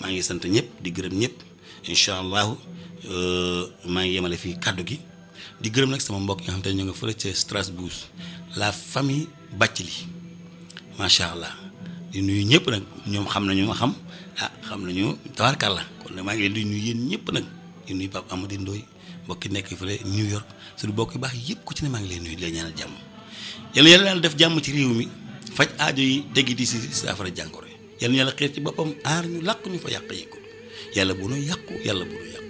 maa ngi sant ñëpp di gërëm ñëpp Euh, maa ngi yemale fii kàddu gi di gërëm nag sama mbokk yi nga xam te ñu nga la ca Strasbourg la famille Bathily macha allah di nuyu ñëpp nag ñoom xam nañu ma xam ah xam nañu tabarkàlla kon nag maa ngi leen di nuyu yéen ñëpp nag di nuyu Pape Amady mbokki nekk fële New York suñu bokk yu baax yëpp ku ci ne maa ngi leen nuyu di leen jàmm yal na yàlla def jàmm ci réew mi faj aajo yi dégg si saafara jàngoro yi yal na yàlla xiir ci boppam aar ñu làq ñu fa yàq yi ko yàlla bu nu yàqu yàlla bu nu yàqu